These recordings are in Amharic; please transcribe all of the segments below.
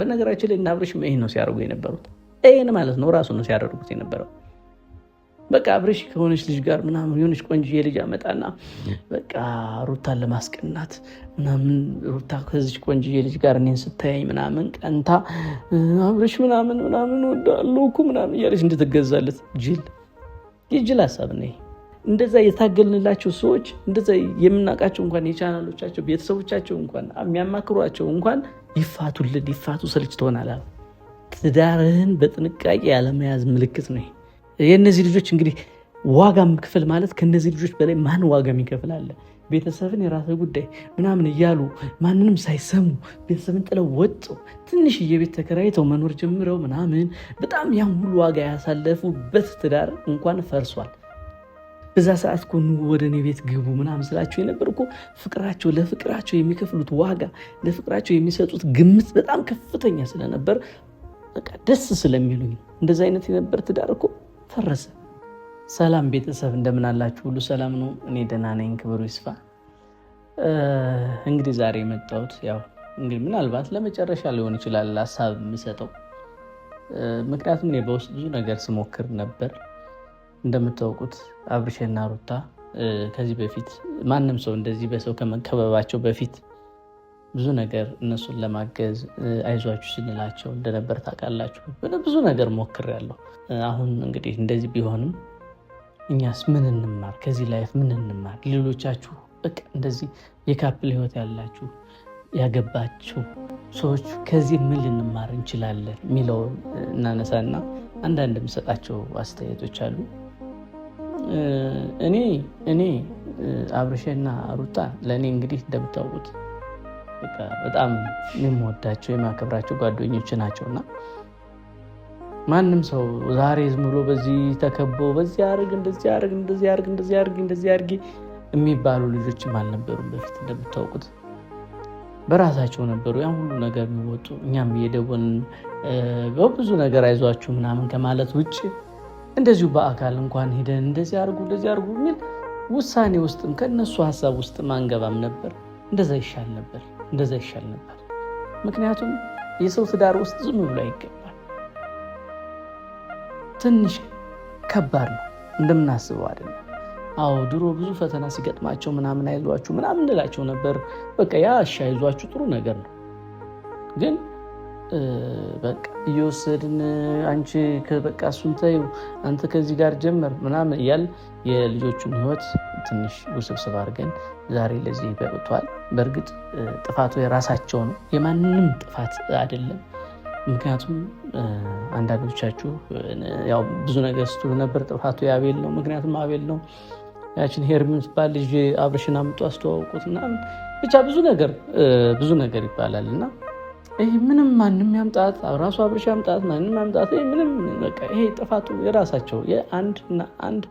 በነገራችን ላይ እና አብርሽም ይሄን ነው ሲያደርጉ የነበሩት። ይህን ማለት ነው ራሱ ነው ሲያደርጉት የነበረው። በቃ አብርሽ ከሆነች ልጅ ጋር ምናምን የሆነች ቆንጆዬ ልጅ አመጣና በቃ ሩታን ለማስቀናት ምናምን ሩታ ከዚች ቆንጆዬ ልጅ ጋር እኔን ስታያኝ ምናምን ቀንታ አብርሽ ምናምን ምናምን ወዳለሁ እኮ ምናምን እያለች እንድትገዛለት ጅል የጅል ሀሳብ ነው። እንደዛ የታገልንላቸው ሰዎች እንደዛ የምናውቃቸው እንኳን የቻናሎቻቸው ቤተሰቦቻቸው እንኳን የሚያማክሯቸው እንኳን ይፋቱልን፣ ይፋቱ፣ ሰልችተውናል አላሉ። ትዳርህን በጥንቃቄ ያለመያዝ ምልክት ነው። የእነዚህ ልጆች እንግዲህ ዋጋ ክፍል ማለት ከእነዚህ ልጆች በላይ ማን ዋጋ የሚከፍል አለ? ቤተሰብን የራሰ ጉዳይ ምናምን እያሉ ማንንም ሳይሰሙ ቤተሰብን ጥለው ወጡ። ትንሽዬ ቤት ተከራይተው መኖር ጀምረው ምናምን በጣም ያን ሁሉ ዋጋ ያሳለፉበት ትዳር እንኳን ፈርሷል። በዛ ሰዓት እኮ ኑ ወደ እኔ ቤት ግቡ ምናምን ስላቸው የነበር እኮ ፍቅራቸው ለፍቅራቸው የሚከፍሉት ዋጋ ለፍቅራቸው የሚሰጡት ግምት በጣም ከፍተኛ ስለነበር በቃ ደስ ስለሚሉኝ እንደዚ አይነት የነበር ትዳር እኮ ፈረሰ። ሰላም ቤተሰብ እንደምን አላችሁ? ሁሉ ሰላም ነው? እኔ ደህና ነኝ፣ ክብሩ ይስፋ። እንግዲህ ዛሬ የመጣሁት ያው እንግዲህ ምናልባት ለመጨረሻ ሊሆን ይችላል ሀሳብ የምሰጠው፣ ምክንያቱም እኔ በውስጥ ብዙ ነገር ስሞክር ነበር እንደምታውቁት አብርሽና ሩታ ከዚህ በፊት ማንም ሰው እንደዚህ በሰው ከመከበባቸው በፊት ብዙ ነገር እነሱን ለማገዝ አይዟችሁ ስንላቸው እንደነበር ታውቃላችሁ። ብዙ ነገር ሞክሬያለሁ። አሁን እንግዲህ እንደዚህ ቢሆንም እኛስ ምን እንማር? ከዚህ ላይፍ ምን እንማር? ሌሎቻችሁ በቃ እንደዚህ የካፕል ህይወት ያላችሁ ያገባችሁ ሰዎች ከዚህ ምን ልንማር እንችላለን የሚለውን እናነሳና አንዳንድ የምሰጣቸው አስተያየቶች አሉ። እኔ እኔ አብርሽና ሩታ ለእኔ እንግዲህ እንደምታውቁት በጣም የምወዳቸው የማከብራቸው ጓደኞች ናቸውና ማንም ሰው ዛሬ ዝም ብሎ በዚህ ተከቦ በዚህ አርግ እንደዚህ አርግ እንደዚህ አርግ እንደዚህ አርግ እንደዚህ አርግ የሚባሉ ልጆችም አልነበሩም። በፊት እንደምታውቁት በራሳቸው ነበሩ ያን ሁሉ ነገር የሚወጡ እኛም የደቦን በብዙ ነገር አይዟችሁ ምናምን ከማለት ውጭ እንደዚሁ በአካል እንኳን ሄደን እንደዚህ አርጉ እንደዚህ አርጉ የሚል ውሳኔ ውስጥም ከእነሱ ሀሳብ ውስጥም አንገባም ነበር። እንደዛ ይሻል ነበር፣ እንደዛ ይሻል ነበር። ምክንያቱም የሰው ትዳር ውስጥ ዝም ብሎ አይገባል። ትንሽ ከባድ ነው፣ እንደምናስበው አይደለም። አዎ ድሮ ብዙ ፈተና ሲገጥማቸው ምናምን አይዟችሁ ምናምን እንላቸው ነበር። በቃ ያ እሺ አይዟችሁ ጥሩ ነገር ነው። ግን በ እየወሰድን አንቺ በቃ እሱን ተይው አንተ ከዚህ ጋር ጀመር ምናምን እያል የልጆቹን ህይወት ትንሽ ውስብስብ አድርገን ዛሬ ለዚህ በቅቷል። በእርግጥ ጥፋቱ የራሳቸው ነው፣ የማንም ጥፋት አይደለም። ምክንያቱም አንዳንዶቻችሁ ያው ብዙ ነገር ስትሉ ነበር፣ ጥፋቱ የአቤል ነው። ምክንያቱም አቤል ነው ያችን ሄርሚ የምትባል ልጅ አብርሽን አምጡ አስተዋውቁት ምናምን ብቻ ብዙ ነገር ብዙ ነገር ይባላል እና ይሄ ምንም ማንም ያምጣት ራሱ አብርሽ ያምጣት ማንም ያምጣት ምንም በቃ ይሄ ጥፋቱ የራሳቸው የአንድ እና አንድ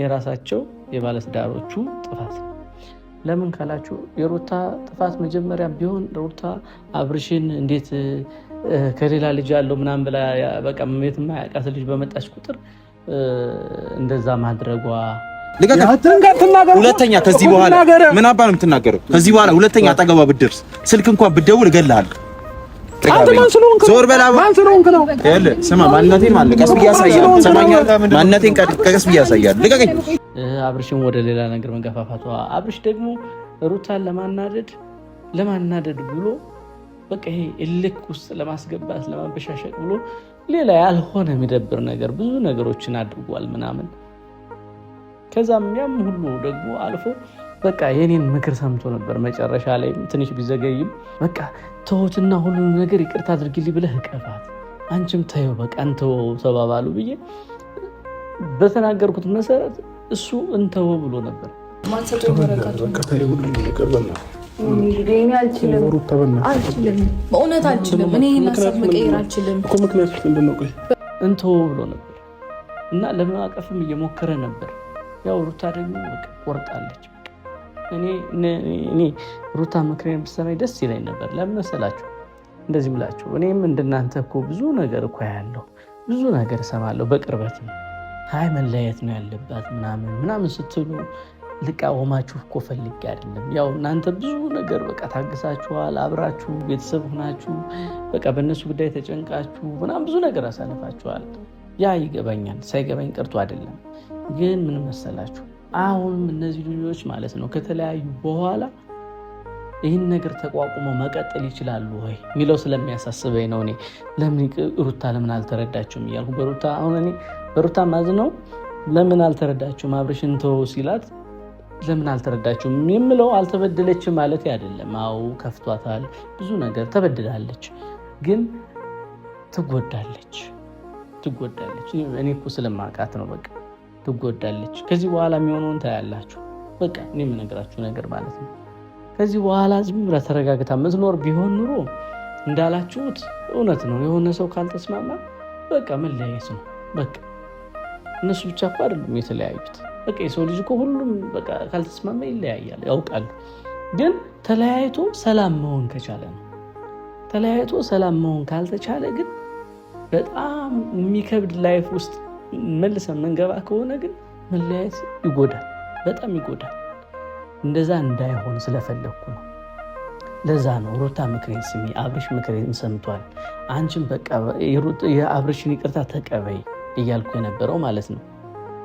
የራሳቸው የባለትዳሮቹ ጥፋት ለምን ካላችሁ የሩታ ጥፋት መጀመሪያ ቢሆን ሩታ አብርሽን እንዴት ከሌላ ልጅ ያለው ምናምን ብላ በቃ መሜት የማያውቃት ልጅ በመጣች ቁጥር እንደዛ ማድረጓ ሁለተኛ ከዚህ በኋላ ምን አባ ነው የምትናገረው? ከዚህ በኋላ ሁለተኛ አጠገቧ ብትደርስ ስልክ እንኳን ብደውል እገልሃለሁ ዞር በላ። ስማ ማንነቴን አለ ቀስ ብዬ አሳያለሁ። ማንነቴን ቀስ ብዬ ልቀቀኝ። አብርሽም ወደ ሌላ ነገር መንገፋፋቷ፣ አብርሽ ደግሞ ሩታን ለማናደድ ለማናደድ ብሎ በቃ ይሄ እልክ ውስጥ ለማስገባት ለማበሻሸቅ ብሎ ሌላ ያልሆነ የሚደብር ነገር ብዙ ነገሮችን አድርጓል ምናምን። ከዛም ያም ሁሉ ደግሞ አልፎ በቃ የኔን ምክር ሰምቶ ነበር። መጨረሻ ላይ ትንሽ ቢዘገይም በቃ ተውትና ሁሉን ነገር ይቅርታ አድርግልኝ ብለህ እቀፋት፣ አንቺም ተይው በቃ እንተው ተባባሉ ብዬ በተናገርኩት መሰረት እሱ እንተው ብሎ ነበር። በእውነት አልችልም፣ እኔ ሀሳብ መቀየር አልችልም። እንተው ብሎ ነበር እና ለመዋቀፍም እየሞከረ ነበር። ያው ሩታ ደግሞ ቆርጣለች። እኔ ሩታ ምክሬን ብትሰማኝ ደስ ይለኝ ነበር። ለምን እንደዚህ ብላችሁ እኔም እንደናንተ እኮ ብዙ ነገር እኮ ያለው ብዙ ነገር እሰማለሁ በቅርበት ሀይ መለያየት ነው ያለባት ምናምን ምናምን ስትሉ ልቃወማችሁ እኮ ፈልጌ አይደለም። ያው እናንተ ብዙ ነገር በቃ ታግሳችኋል፣ አብራችሁ ቤተሰብ ሆናችሁ በቃ በእነሱ ጉዳይ ተጨንቃችሁ ምናምን ብዙ ነገር አሳልፋችኋል። ያ ይገባኛል። ሳይገባኝ ቀርቶ አይደለም። ግን ምን መሰላችሁ አሁንም እነዚህ ልጆች ማለት ነው ከተለያዩ በኋላ ይህን ነገር ተቋቁሞ መቀጠል ይችላሉ ወይ የሚለው ስለሚያሳስበኝ ነው። እኔ ለምን ሩታ ለምን አልተረዳችሁም እያልኩ በሩታ አሁን እኔ በሩታ ማዝ ነው ለምን አልተረዳችሁም አብርሽን ተው ሲላት ለምን አልተረዳችሁም የምለው አልተበደለች ማለት አይደለም። አዎ ከፍቷታል፣ ብዙ ነገር ተበድላለች፣ ግን ትጎዳለች ትጎዳለች። እኔ እኮ ስለማውቃት ነው በቃ ትጎዳለች። ከዚህ በኋላ የሚሆነውን ታያላችሁ። በቃ እኔ የምነግራችሁ ነገር ማለት ነው። ከዚህ በኋላ ዝም ብላ ተረጋግታ ምትኖር ቢሆን ኑሮ እንዳላችሁት እውነት ነው። የሆነ ሰው ካልተስማማ በቃ መለያየት ነው። በቃ እነሱ ብቻ እኮ አይደሉም የተለያዩት። በቃ የሰው ልጅ እኮ ሁሉም በቃ ካልተስማማ ይለያያል፣ ያውቃሉ። ግን ተለያይቶ ሰላም መሆን ከቻለ ነው። ተለያይቶ ሰላም መሆን ካልተቻለ ግን በጣም የሚከብድ ላይፍ ውስጥ መልሰን መንገባ ከሆነ ግን መለያየት ይጎዳል፣ በጣም ይጎዳል። እንደዛ እንዳይሆን ስለፈለግኩ ነው። ለዛ ነው ሩታ ምክሬን ስሚ፣ አብርሽ ምክሬን ሰምቷል፣ አንቺን የአብርሽን ይቅርታ ተቀበይ እያልኩ የነበረው ማለት ነው።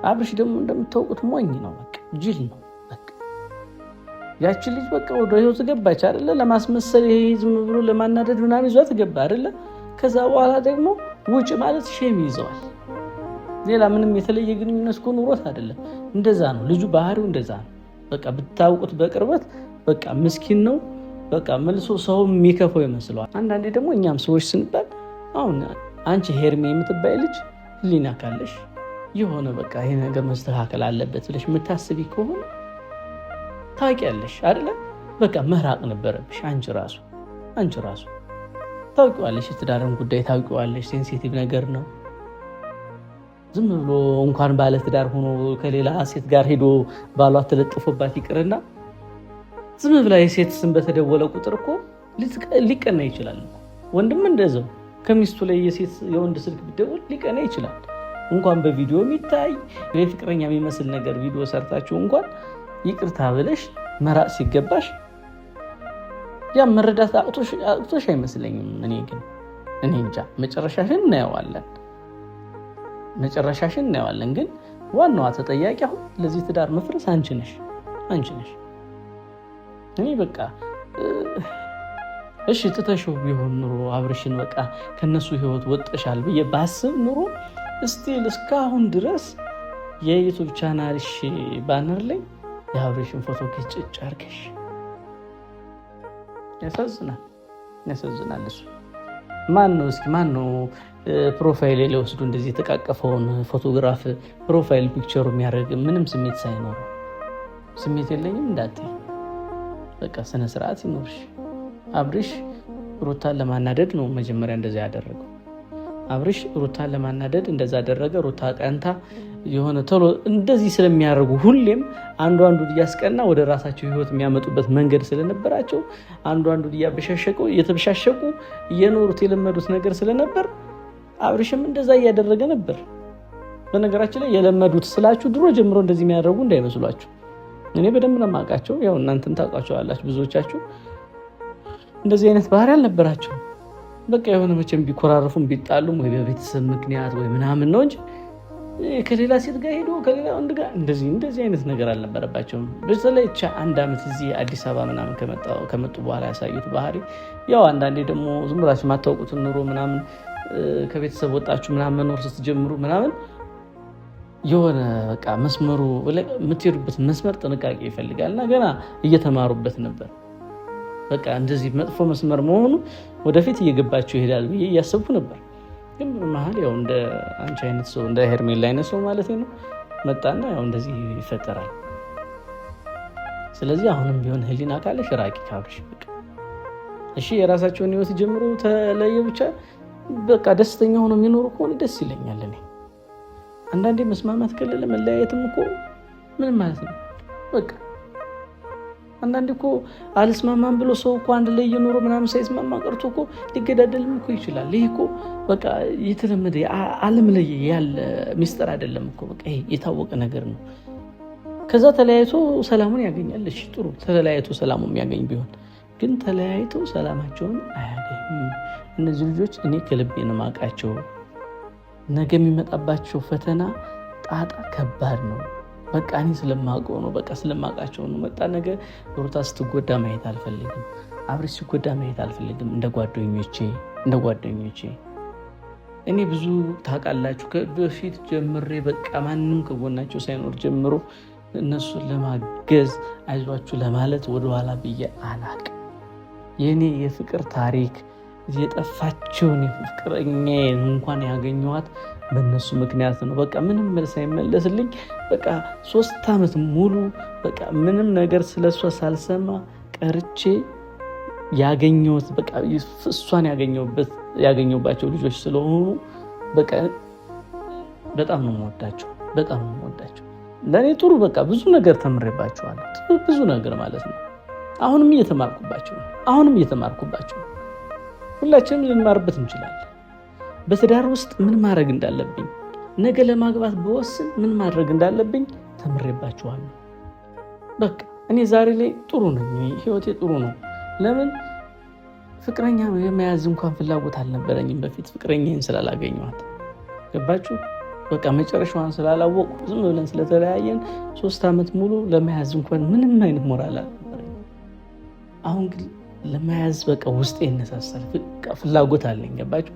አብርሽ ደግሞ እንደምታውቁት ሞኝ ነው፣ በቃ ጅል ነው። ያችን ልጅ በቃ ወደ ህይወት ገባች አደለ? ለማስመሰል ይሄ ዝም ብሎ ለማናደድ ምናምን ይዟት ገባ አደለ? ከዛ በኋላ ደግሞ ውጭ ማለት ሼም ይዘዋል። ሌላ ምንም የተለየ ግንኙነት እኮ ኑሮት አይደለም። እንደዛ ነው ልጁ ባህሪው እንደዛ ነው። በቃ ብታውቁት በቅርበት በቃ ምስኪን ነው። በቃ መልሶ ሰው የሚከፈው ይመስለዋል። አንዳንዴ ደግሞ እኛም ሰዎች ስንባል አሁን አንቺ ሄርሜ የምትባይ ልጅ ህሊና ካለሽ የሆነ በቃ ይሄ ነገር መስተካከል አለበት ብለሽ የምታስቢ ከሆነ ታውቂያለሽ አይደለም። በቃ መራቅ ነበረብሽ አንቺ ራሱ አንቺ ራሱ ታውቂዋለሽ። የትዳርን ጉዳይ ታውቂዋለሽ። ሴንሲቲቭ ነገር ነው። ዝም ብሎ እንኳን ባለትዳር ሆኖ ከሌላ ሴት ጋር ሄዶ ባሏ ተለጥፎባት ይቅርና ዝም ብላ የሴት ስም በተደወለ ቁጥር እኮ ሊቀና ይችላል። ወንድም እንደዛው ከሚስቱ ላይ የሴት የወንድ ስልክ ብደውል ሊቀና ይችላል። እንኳን በቪዲዮ የሚታይ የፍቅረኛ የሚመስል ነገር ቪዲዮ ሰርታችሁ እንኳን ይቅርታ ብለሽ መራቅ ሲገባሽ ያም መረዳት አቅቶሽ አይመስለኝም። እኔ ግን እኔ እንጃ መጨረሻሽን እናየዋለን። መጨረሻሽን እናየዋለን። ግን ዋናዋ ተጠያቂ አሁን ለዚህ ትዳር መፍረስ አንቺ ነሽ፣ አንቺ ነሽ። እኔ በቃ እሺ ትተሽው ቢሆን ኑሮ አብርሽን በቃ ከነሱ ህይወት ወጥሻል ብዬ ባስብ ኑሮ ስቲል እስካሁን ድረስ የዩቱብ ቻናልሽ ባነር ላይ የአብርሽን ፎቶ ጭጭ አድርገሽ ያሳዝናል፣ ያሳዝናል እሱ ማን ነው እስኪ ማን ነው ፕሮፋይል ላይ ወስዱ እንደዚህ የተቃቀፈውን ፎቶግራፍ ፕሮፋይል ፒክቸሩ የሚያደርግ ምንም ስሜት ሳይኖር? ስሜት የለኝም እንዳት በቃ ስነ ስርዓት ይኖርሽ። አብርሽ ሩታን ለማናደድ ነው መጀመሪያ እንደዚያ ያደረገው። አብርሽ ሩታን ለማናደድ እንደዛ አደረገ። ሩታ ቀንታ የሆነ ቶሎ እንደዚህ ስለሚያደርጉ ሁሌም አንዱ አንዱ እያስቀና ወደ ራሳቸው ህይወት የሚያመጡበት መንገድ ስለነበራቸው አንዱ አንዱ እያበሻሸቁ እየተበሻሸቁ እየኖሩት የለመዱት ነገር ስለነበር አብርሽም እንደዛ እያደረገ ነበር። በነገራችን ላይ የለመዱት ስላችሁ ድሮ ጀምሮ እንደዚህ የሚያደርጉ እንዳይመስሏችሁ። እኔ በደንብ ነው የማውቃቸው። ያው እናንተም ታውቋቸዋላችሁ ብዙዎቻችሁ እንደዚህ አይነት ባህሪ አልነበራቸውም። በቃ የሆነ መቼም ቢኮራረፉም ቢጣሉም ወይ በቤተሰብ ምክንያት ወይ ምናምን ነው እንጂ ከሌላ ሴት ጋር ሄዶ ከሌላ ወንድ ጋር እንደዚህ እንደዚህ አይነት ነገር አልነበረባቸውም። በተለይ ቻ አንድ ዓመት እዚህ አዲስ አበባ ምናምን ከመጡ በኋላ ያሳዩት ባህሪ ያው አንዳንዴ ደግሞ ዝም ብላችሁ የማታውቁትን ኑሮ ምናምን ከቤተሰብ ወጣችሁ ምናምን መኖር ስትጀምሩ ምናምን የሆነ በቃ መስመሩ የምትሄዱበት መስመር ጥንቃቄ ይፈልጋል እና ገና እየተማሩበት ነበር። በቃ እንደዚህ መጥፎ መስመር መሆኑ ወደፊት እየገባቸው ይሄዳል ብዬ እያሰብኩ ነበር። ግን መሀል ያው እንደ አንቺ አይነት ሰው እንደ ሄርሜላ አይነት ሰው ማለት ነው መጣና ያው እንደዚህ ይፈጠራል። ስለዚህ አሁንም ቢሆን ህሊና ካለሽ ራቂ ካሉሽ እሺ፣ የራሳቸውን ህይወት ጀምሮ ተለየ ብቻ በቃ ደስተኛ ሆኖ የሚኖሩ ከሆነ ደስ ይለኛል። እኔ አንዳንዴ መስማማት ከሌለ መለያየትም እኮ ምን ማለት ነው በቃ አንዳንድ እኮ አልስማማም ብሎ ሰው እኮ አንድ ላይ እየኖረ ምናምን ሳይስማማ ቀርቶ እኮ ሊገዳደልም እኮ ይችላል። ይህ እኮ በቃ የተለመደ ዓለም ላይ ያለ ሚስጥር አይደለም እኮ በቃ ይሄ የታወቀ ነገር ነው። ከዛ ተለያይቶ ሰላሙን ያገኛል። ጥሩ ተለያይቶ ሰላሙ የሚያገኝ ቢሆን ግን ተለያይቶ ሰላማቸውን አያገኙም። እነዚህ ልጆች እኔ ከልቤ ነው የማውቃቸው። ነገ የሚመጣባቸው ፈተና ጣጣ ከባድ ነው። በቃ እኔ ስለማውቀው ነው፣ በቃ ስለማውቃቸው ነው። መጣ ነገ ሩታ ስትጎዳ ማየት አልፈልግም፣ አብሬ ሲጎዳ ማየት አልፈልግም። እንደ ጓደኞቼ እንደ ጓደኞቼ እኔ ብዙ ታውቃላችሁ፣ በፊት ጀምሬ በቃ ማንም ከጎናቸው ሳይኖር ጀምሮ እነሱን ለማገዝ አይዟችሁ ለማለት ወደኋላ ብዬ አላቅ። የእኔ የፍቅር ታሪክ የጠፋቸውን የፍቅረኛ እንኳን ያገኘኋት በእነሱ ምክንያት ነው። በቃ ምንም መልስ አይመለስልኝ። በቃ ሶስት ዓመት ሙሉ በቃ ምንም ነገር ስለሷ ሳልሰማ ቀርቼ ያገኘሁት በቃ እሷን ያገኘሁባቸው ልጆች ስለሆኑ በቃ በጣም ነው የምወዳቸው፣ በጣም ነው የምወዳቸው። ለእኔ ጥሩ በቃ ብዙ ነገር ተምሬባቸዋል ብዙ ነገር ማለት ነው። አሁንም እየተማርኩባቸው ነው። አሁንም እየተማርኩባቸው ነው። ሁላችንም ልንማርበት እንችላለን። በትዳር ውስጥ ምን ማድረግ እንዳለብኝ፣ ነገ ለማግባት በወስን ምን ማድረግ እንዳለብኝ ተምሬባችኋለሁ። በቃ እኔ ዛሬ ላይ ጥሩ ነኝ፣ ህይወቴ ጥሩ ነው። ለምን ፍቅረኛ የመያዝ እንኳን ፍላጎት አልነበረኝም በፊት ፍቅረኛን ስላላገኘኋት። ገባችሁ? በቃ መጨረሻዋን ስላላወቁ ዝም ብለን ስለተለያየን ሶስት ዓመት ሙሉ ለመያዝ እንኳን ምንም አይነት ሞራል አልነበረኝም። አሁን ግን ለመያዝ በቃ ውስጤ ይነሳሳል፣ ፍላጎት አለኝ። ገባችሁ?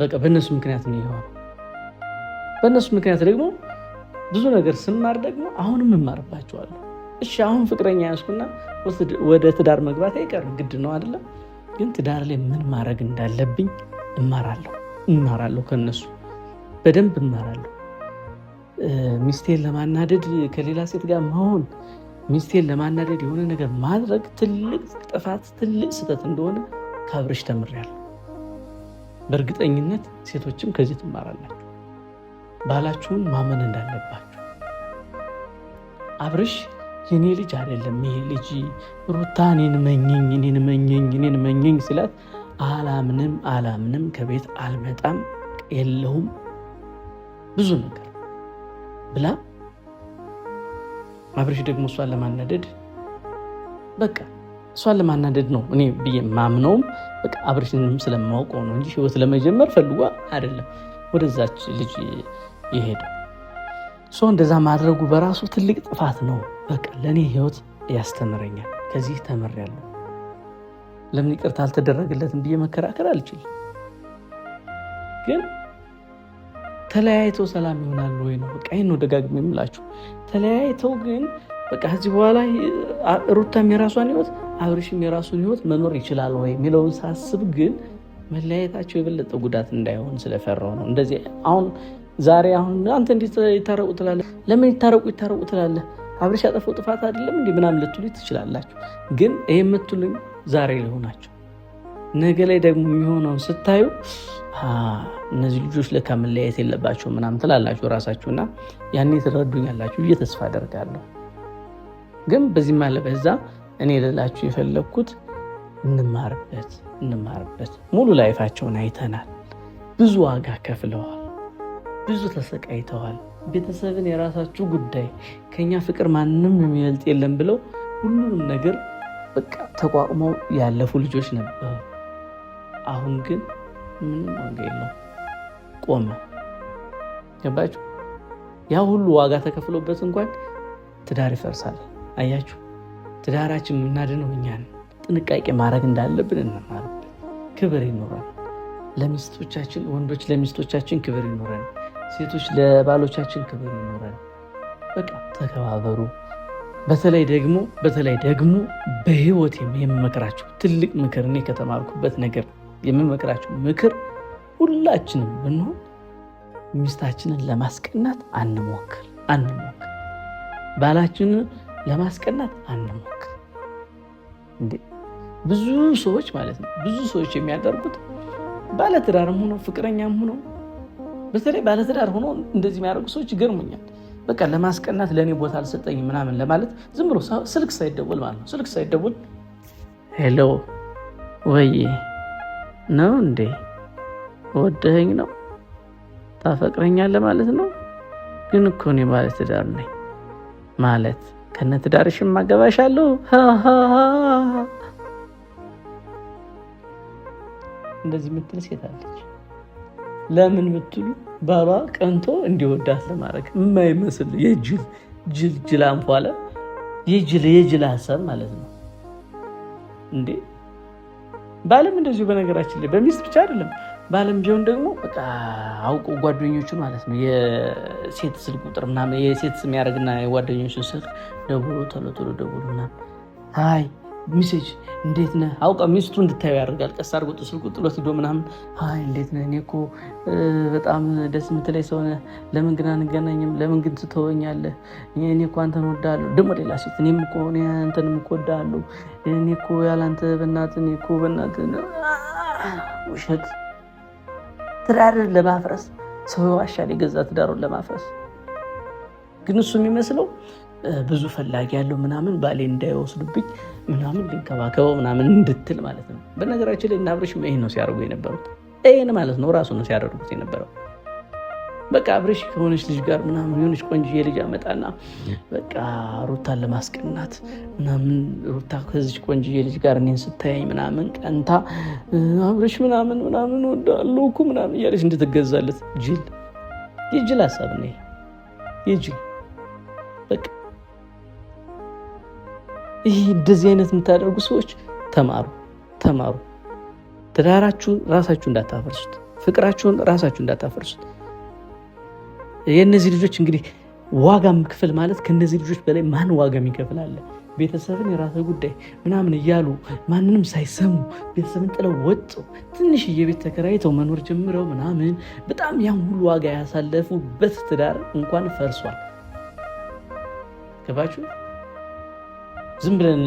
በቃ በእነሱ ምክንያት ነው ይሆን። በእነሱ ምክንያት ደግሞ ብዙ ነገር ስማር ደግሞ አሁንም እማርባቸዋለሁ። እሺ አሁን ፍቅረኛ ያስኩና ወደ ትዳር መግባት አይቀርም ግድ ነው አይደለም። ግን ትዳር ላይ ምን ማድረግ እንዳለብኝ እማራለሁ እማራለሁ ከነሱ በደንብ እማራለሁ። ሚስቴን ለማናደድ ከሌላ ሴት ጋር መሆን፣ ሚስቴን ለማናደድ የሆነ ነገር ማድረግ ትልቅ ጥፋት፣ ትልቅ ስህተት እንደሆነ ከአብርሽ ተምሬያለሁ። በእርግጠኝነት ሴቶችም ከዚህ ትማራላችሁ። ባላችሁን ማመን እንዳለባችሁ አብርሽ የኔ ልጅ አይደለም ይሄ ልጅ ሩታ እኔን መኘኝ እኔን መኘኝ እኔን መኘኝ ስላት አላምንም አላምንም ከቤት አልመጣም የለውም ብዙ ነገር ብላ አብርሽ ደግሞ እሷን ለማናደድ በቃ እሷን ለማናደድ ነው እኔ ብዬ ማምነውም በቃ አብሬሽንም ስለማውቀው ነው እንጂ ህይወት ለመጀመር ፈልጓ አይደለም ወደዛች ልጅ የሄደው። ሰው እንደዛ ማድረጉ በራሱ ትልቅ ጥፋት ነው። በቃ ለእኔ ህይወት ያስተምረኛል። ከዚህ ተምሬያለሁ። ለምን ይቅርታ አልተደረገለትም ብዬ መከራከር አልችልም። ግን ተለያይተው ሰላም ይሆናሉ ወይ ነው በቃ ይህን ነው ደጋግሜ የምላችሁ። ተለያይተው ግን በቃ ከዚህ በኋላ ሩታም የራሷን ህይወት አብርሽም የራሱን ህይወት መኖር ይችላል ወይ የሚለውን ሳስብ ግን መለያየታቸው የበለጠ ጉዳት እንዳይሆን ስለፈራው ነው። እንደዚህ አሁን ዛሬ አሁን አንተ እንዴት ይታረቁ ትላለህ? ለምን ይታረቁ ይታረቁ ትላለህ? አብርሽ ያጠፈው ጥፋት አይደለም እንዲህ ምናምን ልትሉ ትችላላችሁ። ግን ይህ የምትሉኝ ዛሬ ሊሆናቸው ነገ ላይ ደግሞ የሚሆነውን ስታዩ እነዚህ ልጆች ለካ መለያየት የለባቸው ምናምን ትላላችሁ ራሳችሁና ያኔ ትረዱኛላችሁ ብዬ ተስፋ አደርጋለሁ። ግን በዚህ ማለ በዛ እኔ ልላችሁ የፈለግኩት እንማርበት እንማርበት። ሙሉ ላይፋቸውን አይተናል። ብዙ ዋጋ ከፍለዋል። ብዙ ተሰቃይተዋል። ቤተሰብን የራሳችሁ ጉዳይ ከኛ ፍቅር ማንም የሚበልጥ የለም ብለው ሁሉንም ነገር በቃ ተቋቁመው ያለፉ ልጆች ነበሩ። አሁን ግን ምንም ዋጋ የለው ቆመ። ገባችሁ? ያ ሁሉ ዋጋ ተከፍሎበት እንኳን ትዳር ይፈርሳል። አያችሁ፣ ትዳራችን የምናድነው እኛን ጥንቃቄ ማድረግ እንዳለብን እንማርበት። ክብር ይኖረን ለሚስቶቻችን፣ ወንዶች ለሚስቶቻችን ክብር ይኖረን፣ ሴቶች ለባሎቻችን ክብር ይኖረን። በቃ ተከባበሩ። በተለይ ደግሞ በተለይ ደግሞ በህይወት የምመክራችሁ ትልቅ ምክር እኔ ከተማርኩበት ነገር የምመክራችሁ ምክር ሁላችንም ብንሆን ሚስታችንን ለማስቀናት አንሞክር አንሞክር ባላችንን ለማስቀናት አንሞክር። ብዙ ሰዎች ማለት ነው ብዙ ሰዎች የሚያደርጉት ባለትዳርም ሆኖ ፍቅረኛም ሆኖ በተለይ ባለትዳር ሆኖ እንደዚህ የሚያደርጉ ሰዎች ይገርሙኛል። በቃ ለማስቀናት ለእኔ ቦታ አልሰጠኝም ምናምን ለማለት ዝም ብሎ ስልክ ሳይደወል ማለት ነው ስልክ ሳይደወል ሄሎ ወይ ነው እንዴ ወደኸኝ ነው ታፈቅረኛለህ ማለት ነው። ግን እኮ እኔ ባለትዳር ነኝ ማለት ከነ ትዳርሽም ማገባሻለሁ። እንደዚህ የምትል ሴት አለች። ለምን ብትሉ ባሏ ቀንቶ እንዲወዳት ለማድረግ የማይመስል የጅል ጅል ጅል አንፏለ የጅል የጅል ሀሳብ ማለት ነው እንዴ! ባለም እንደዚሁ በነገራችን ላይ በሚስት ብቻ አይደለም ባለም ቢሆን ደግሞ በቃ አውቆ ጓደኞቹን ማለት ነው የሴት ስልክ ቁጥር ምናምን የሴት የሚያደርግና የጓደኞቹን ስልክ ደውሎ ቶሎ ቶሎ ደውሎ ምናምን አይ ሚሴጅ እንዴት ነህ አውቃ ሚስቱ እንድታዩ ያደርጋል። ቀስ አድርጎ ስልክ ጥሎት ሂዶ ምናምን አይ እንዴት ነህ እኔ እኮ በጣም ደስ የምትለኝ ሰው ነህ። ለምን ግን አንገናኝም? ለምን ግን ትተወኛለህ? እኔ እኮ አንተን እወድሃለሁ። ደግሞ ሌላ ሴት እኔም እኮ አንተንም እኮ እወድሃለሁ። እኔ እኮ ያላንተ በእናትህ እኔ እኮ በእናትህ ውሸት ትዳርን ለማፍረስ ሰው ይዋሻል፣ የገዛ ትዳሩን ለማፍረስ ግን እሱ የሚመስለው ብዙ ፈላጊ ያለው ምናምን ባሌ እንዳይወስዱብኝ ምናምን ልንከባከበው ምናምን እንድትል ማለት ነው። በነገራችን ላይ እና አብርሽ ይህ ነው ሲያደርጉ የነበሩት ይህን ማለት ነው ራሱ ነው ሲያደርጉት የነበረው በቃ አብሬሽ ከሆነች ልጅ ጋር ምናምን የሆነች ቆንጆዬ ልጅ አመጣና በቃ ሩታን ለማስቀናት ምናምን ሩታ ከዚች ቆንጆዬ ልጅ ጋር እኔን ስታያኝ ምናምን ቀንታ አብሬሽ ምናምን ምናምን ወዳለሁ እኮ ምናምን እያለች እንድትገዛለት ጅል የጅል ሀሳብ ነ የጅል በቃ ይህ እንደዚህ አይነት የምታደርጉ ሰዎች ተማሩ ተማሩ። ትዳራችሁን ራሳችሁ እንዳታፈርሱት፣ ፍቅራችሁን ራሳችሁ እንዳታፈርሱት። የእነዚህ ልጆች እንግዲህ ዋጋ ክፍል ማለት ከእነዚህ ልጆች በላይ ማን ዋጋ የሚከፍል ቤተሰብን የራሰ ጉዳይ ምናምን እያሉ ማንንም ሳይሰሙ ቤተሰብን ጥለው ወጡ። ትንሽዬ ቤት ተከራይተው መኖር ጀምረው ምናምን በጣም ያን ሁሉ ዋጋ ያሳለፉበት ትዳር እንኳን ፈርሷል። ገባችሁ? ዝም ብለን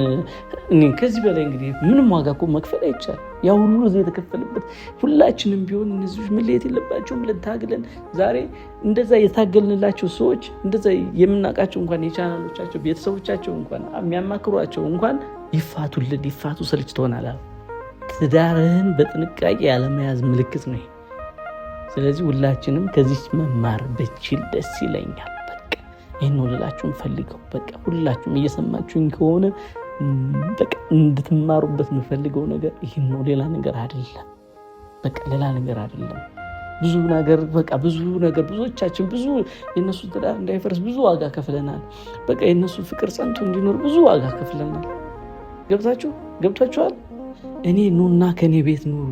ከዚህ በላይ እንግዲህ ምንም ዋጋ እኮ መክፈል አይቻል። ያ ሁሉ የተከፈለበት ሁላችንም ቢሆን እነዚህ መለየት የለባቸውም ብለን ታግለን ዛሬ እንደዛ የታገልንላቸው ሰዎች እንደዛ የምናውቃቸው እንኳን የቻናሎቻቸው ቤተሰቦቻቸው እንኳን የሚያማክሯቸው እንኳን ይፋቱልን ይፋቱ ሰልችቶናል። ትዳርህን በጥንቃቄ ያለመያዝ ምልክት ነው። ስለዚህ ሁላችንም ከዚች መማር ብችል ደስ ይለኛል። ይህን ልላችሁ ፈልገው በቃ ሁላችሁም እየሰማችሁኝ ከሆነ በቃ እንድትማሩበት የምፈልገው ነገር ይህን ነው። ሌላ ነገር አይደለም። በቃ ሌላ ነገር አይደለም። ብዙ ነገር በቃ ብዙ ነገር ብዙዎቻችን ብዙ የእነሱ ትዳር እንዳይፈርስ ብዙ ዋጋ ከፍለናል። በቃ የእነሱ ፍቅር ጸንቶ እንዲኖር ብዙ ዋጋ ከፍለናል። ገብታችሁ ገብታችኋል። እኔ ኑና ከእኔ ቤት ኑሩ፣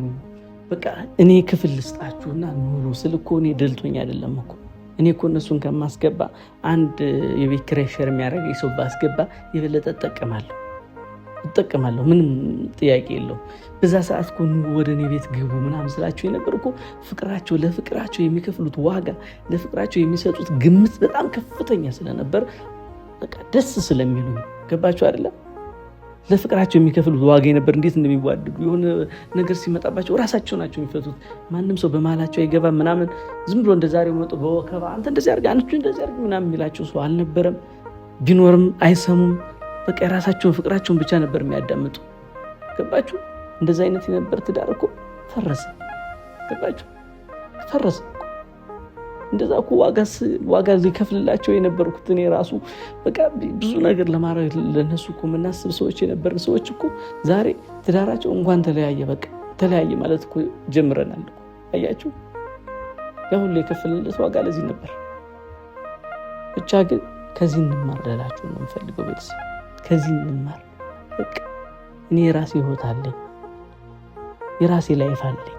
በቃ እኔ ክፍል ልስጣችሁና ኑሩ ስል እኮ እኔ ደልቶኝ አይደለም እኮ እኔ እኮ እነሱን ከማስገባ አንድ የቤት ኪራይ ሸር የሚያደርገኝ ሰው ባስገባ የበለጠ እጠቀማለሁ እጠቀማለሁ ምንም ጥያቄ የለው። በዛ ሰዓት እኮ ወደ እኔ ቤት ግቡ ምናምን ስላቸው የነበር እኮ ፍቅራቸው ለፍቅራቸው የሚከፍሉት ዋጋ ለፍቅራቸው የሚሰጡት ግምት በጣም ከፍተኛ ስለነበር በቃ ደስ ስለሚሉ ገባቸው አይደለም ለፍቅራቸው የሚከፍሉት ዋጋ ነበር። እንዴት እንደሚዋደዱ የሆነ ነገር ሲመጣባቸው ራሳቸው ናቸው የሚፈቱት። ማንም ሰው በመሀላቸው አይገባም ምናምን ዝም ብሎ እንደ ዛሬው መጡ በወከባ አንተ እንደዚህ አድርግ አንቺ እንደዚህ አድርግ ምናምን የሚላቸው ሰው አልነበረም። ቢኖርም አይሰሙም። በቃ የራሳቸውን ፍቅራቸውን ብቻ ነበር የሚያዳምጡ። ገባችሁ? እንደዚ አይነት የነበር ትዳር እኮ ፈረሰ። ገባችሁ? ፈረሰ። እንደዛ እኮ ዋጋ ሊከፍልላቸው የነበርኩት እኔ ራሱ በቃ ብዙ ነገር ለማድረግ ለነሱ እኮ የምናስብ ሰዎች የነበርን ሰዎች እኮ ዛሬ ትዳራቸው እንኳን ተለያየ በቃ ተለያየ ማለት እኮ ጀምረናል። አያችሁ ያ ሁሉ የከፍልለት ዋጋ ለዚህ ነበር። ብቻ ግን ከዚህ እንማር ልላችሁ ነው የምፈልገው። ቤተሰብ ከዚህ እንማር። እኔ የራሴ ህይወት አለኝ፣ የራሴ ላይፍ አለኝ።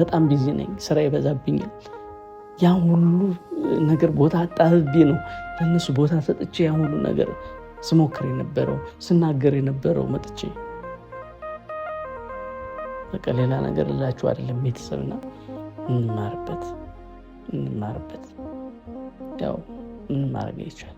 በጣም ቢዚ ነኝ፣ ስራ ይበዛብኛል። ያን ሁሉ ነገር ቦታ አጣብቤ ነው ለእነሱ ቦታ ሰጥቼ ያን ሁሉ ነገር ስሞክር የነበረው ስናገር የነበረው መጥቼ በቃ ሌላ ነገር እላችሁ አይደለም። ቤተሰብና እንማርበት እንማርበት ያው እንማርገ ይቻል